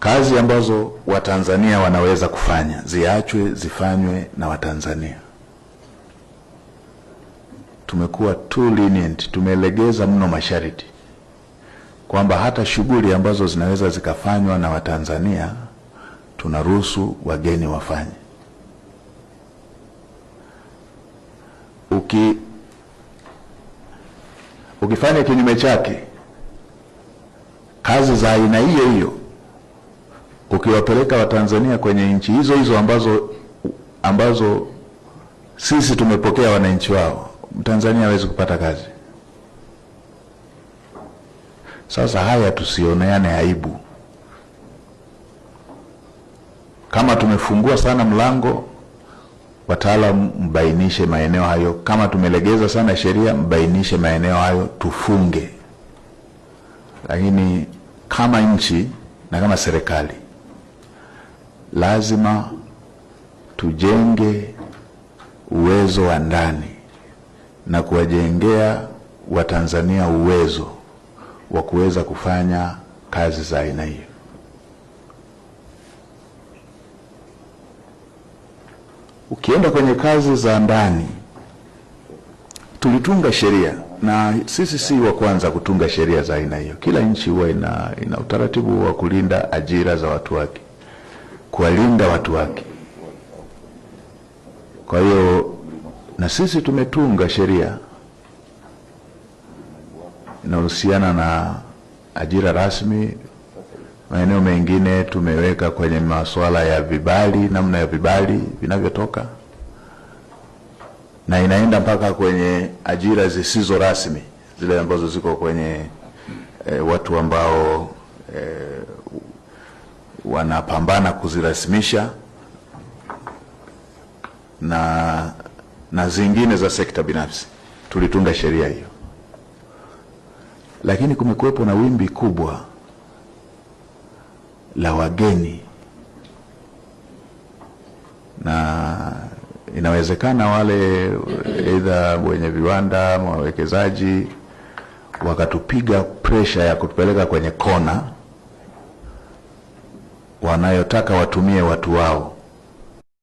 Kazi ambazo Watanzania wanaweza kufanya ziachwe zifanywe na Watanzania. Tumekuwa too lenient, tumelegeza mno masharti kwamba hata shughuli ambazo zinaweza zikafanywa na Watanzania tunaruhusu wageni wafanye. Uki, ukifanya kinyume chake kazi za aina hiyo hiyo ukiwapeleka Watanzania kwenye nchi hizo hizo ambazo ambazo sisi tumepokea wananchi wao, Mtanzania hawezi kupata kazi. Sasa haya tusioneane aibu. Kama tumefungua sana mlango, wataalamu mbainishe maeneo hayo. Kama tumelegeza sana sheria, mbainishe maeneo hayo, tufunge. Lakini kama nchi na kama serikali lazima tujenge uwezo wa ndani na kuwajengea Watanzania uwezo wa kuweza kufanya kazi za aina hiyo. Ukienda kwenye kazi za ndani, tulitunga sheria na sisi si wa kwanza kutunga sheria za aina hiyo. Kila nchi huwa ina, ina utaratibu wa kulinda ajira za watu wake kuwalinda watu wake. Kwa hiyo na sisi tumetunga sheria inahusiana na ajira rasmi. Maeneo mengine tumeweka kwenye masuala ya vibali, namna ya vibali vinavyotoka, na inaenda mpaka kwenye ajira zisizo rasmi, zile ambazo ziko kwenye eh, watu ambao eh, wanapambana kuzirasimisha na, na zingine za sekta binafsi. Tulitunga sheria hiyo, lakini kumekuwepo na wimbi kubwa la wageni, na inawezekana wale aidha wenye viwanda ama wawekezaji wakatupiga presha ya kutupeleka kwenye kona wanayotaka watumie watu wao.